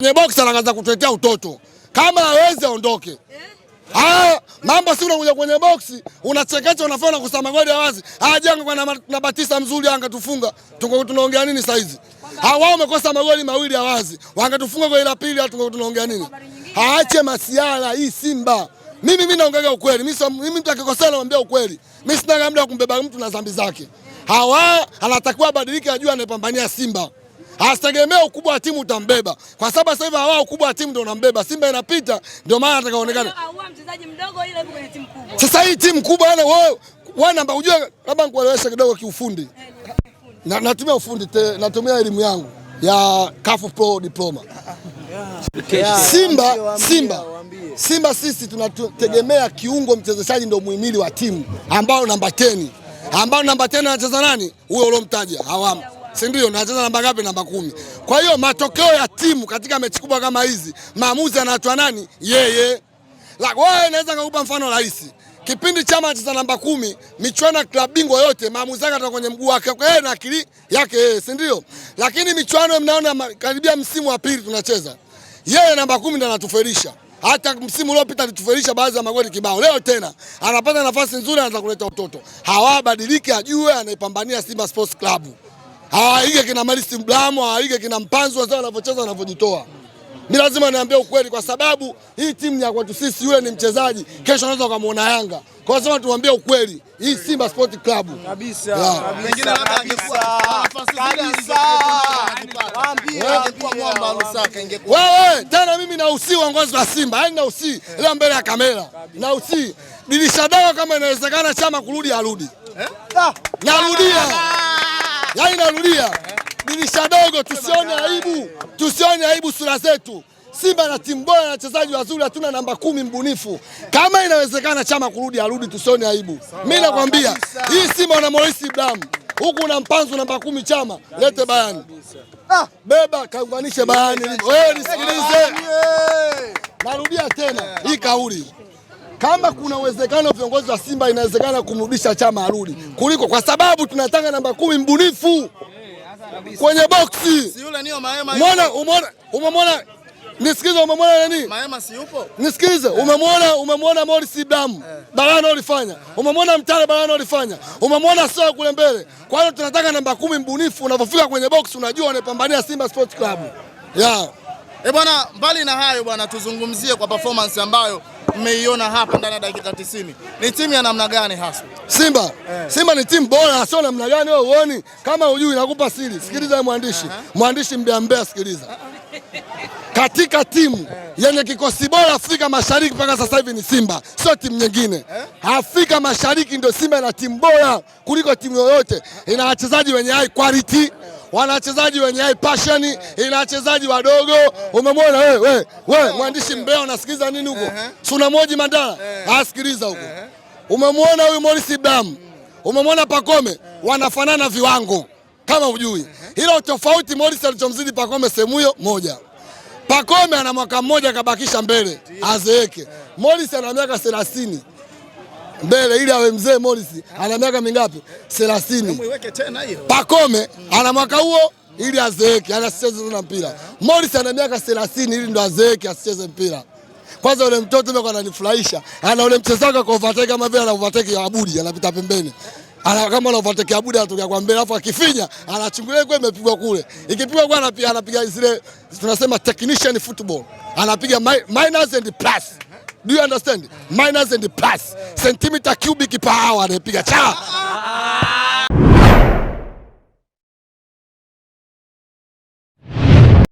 Kwenye box anaanza kutetea utoto. Kama hawezi aondoke. Ah, mambo si unakuja kwenye box, unachekecha unafanya na kusema goli wazi. Ah, Yanga kwa na Batista mzuri Yanga tufunga. Tuko tunaongea nini sasa hizi? Ah, wao wamekosa magoli mawili ya wazi. Wangetufunga kwa ile pili hatu tunaongea nini? Aache masiala hii Simba. Mimi mimi naongea ukweli. Mimi mimi mtu akikosea naambia ukweli. Mimi sina muda wa kumbeba mtu na dhambi zake. Hawa anatakiwa abadilike ajue anapambania Simba astegemea ukubwa wa timu utambeba, kwa sababu sasa hivi hawao ukubwa wa timu ndio unambeba. Simba inapita, ndio maana atakaonekana. Sasa hii timu kubwa ana wewe wewe namba, unajua, labda nikueleweshe kidogo eh, kiufundi. Na, natumia ufundi te, natumia elimu yangu ya Kafu Pro Diploma. Simba Simba Simba sisi tunategemea kiungo mchezeshaji ndio muhimili wa timu ambao namba 10 ambao namba tena anacheza nani huyo uliomtaja? hawamo si ndio? Anacheza namba ngapi? Namba kumi. Kwa hiyo matokeo ya timu katika mechi kubwa kama hizi, maamuzi anatoa nani? Yeye. Wewe naweza kukupa mfano rahisi kipindi Chama anacheza namba kumi, michuano ya klabu bingwa yote maamuzi yake atoka kwenye mguu wake yeye na akili yake yeye, si ndio? Lakini michuano mnaona karibia msimu wa pili tunacheza, yeye namba kumi ndo anatufelisha. Hata msimu uliopita alitufelisha baadhi ya magoli kibao. Leo tena anapata nafasi nzuri, anaanza kuleta utoto. Hawabadiliki, ajue anaipambania Simba Sports Club. Hawaige kina Malisi Mblamo, hawaige kina Mpanzu wazao wanavyocheza wanavyojitoa. Mimi lazima niambie ukweli, kwa sababu hii timu ya kwetu sisi, yule ni mchezaji, kesho anaweza ukamwona Yanga. Kwa lazima ukweli, hii Simba Sport Club kabisa kabisa kabisa. Wewe tena mimi nausii uongozi wa Simba, yaani nausii leo mbele ya kamera, nausii dirisha dawa, kama inawezekana chama kurudi arudi. Eh? Ah. Narudia ah. yaani narudia dirisha dogo, tusione aibu, tusione aibu sura zetu. Simba na timu bora na wachezaji wazuri, hatuna namba kumi mbunifu. Kama inawezekana Chama kurudi arudi, tusione aibu. Mimi nakwambia hii Simba na Morris Ibrahim huku na mpanzo namba kumi Chama lete bayani ah, beba kaunganishe bayani. Wewe nisikilize, narudia tena hii kauli kama kuna uwezekano viongozi wa Simba inawezekana kumrudisha Chama arudi kuliko, kwa sababu tunataka namba kumi mbunifu kwenye boksi. Umeona Nisikilize, umemwona nani? Maema si yupo? Nisikilize, umemwona umemwona Morris Ibrahim eh, barana alifanya. uh -huh. Umemwona Mtare barana alifanya. uh -huh. Umemwona Soa kule mbele uh -huh. Kwa hiyo tunataka namba kumi mbunifu, unapofika kwenye box unajua wanapambania Simba Sports Club uh -huh. yeah. Eh bwana, mbali na hayo bwana, tuzungumzie kwa performance ambayo mmeiona hapa ndani ya dakika 90. Ni timu ya namna gani hasa Simba? Eh. Simba ni timu bora, sio namna gani wewe uoni? Kama hujui nakupa siri, sikiliza mm. mwandishi uh eh. -huh. Mwandishi mbea mbea, sikiliza uh eh, -huh. Eh katika timu yenye kikosi bora Afrika Mashariki mpaka sasa hivi ni Simba, sio timu nyingine. Eh? Afrika Mashariki ndio Simba ina timu bora kuliko timu yoyote, ina wachezaji wenye high quality wana wachezaji wenye high passion yeah. Ina wachezaji wadogo yeah. Umemwona wewe we, we, eh, mwandishi okay. Eh. mbea unasikiliza nini huko? uh -huh. Suna moji Mandala yeah. Asikiliza huko uh Umemwona huyu Morris Ibrahim, umemwona Pakome yeah. Wanafanana viwango kama ujui uh -huh. Ila utofauti Morris alichomzidi Pakome sehemu hiyo moja Pakome ana mwaka mmoja kabakisha mbele azeeke. Morris ana miaka 30 mbele ili awe mzee. Morris ana miaka mingapi? Thelathini. Pakome ana mwaka huo ili azeeke, yani asicheze tena mpira. Morris ana miaka 30 ili ndo azeeke, asicheze mpira. Kwanza yule mtoto meko ananifurahisha, ana ule mchezaji kwa overtake kama vile ana overtake ya Abudi, anapita pembeni. Ala kama unafuatekea buda anatokea kwa mbele, alafu akifinya anachungulia kwa imepigwa kule. Ikipigwa kwa anapiga anapiga zile tunasema technician football. Anapiga minus and plus. Do you understand? Minus and plus. Centimeter cubic per hour anapiga cha. Ah, ah, ah.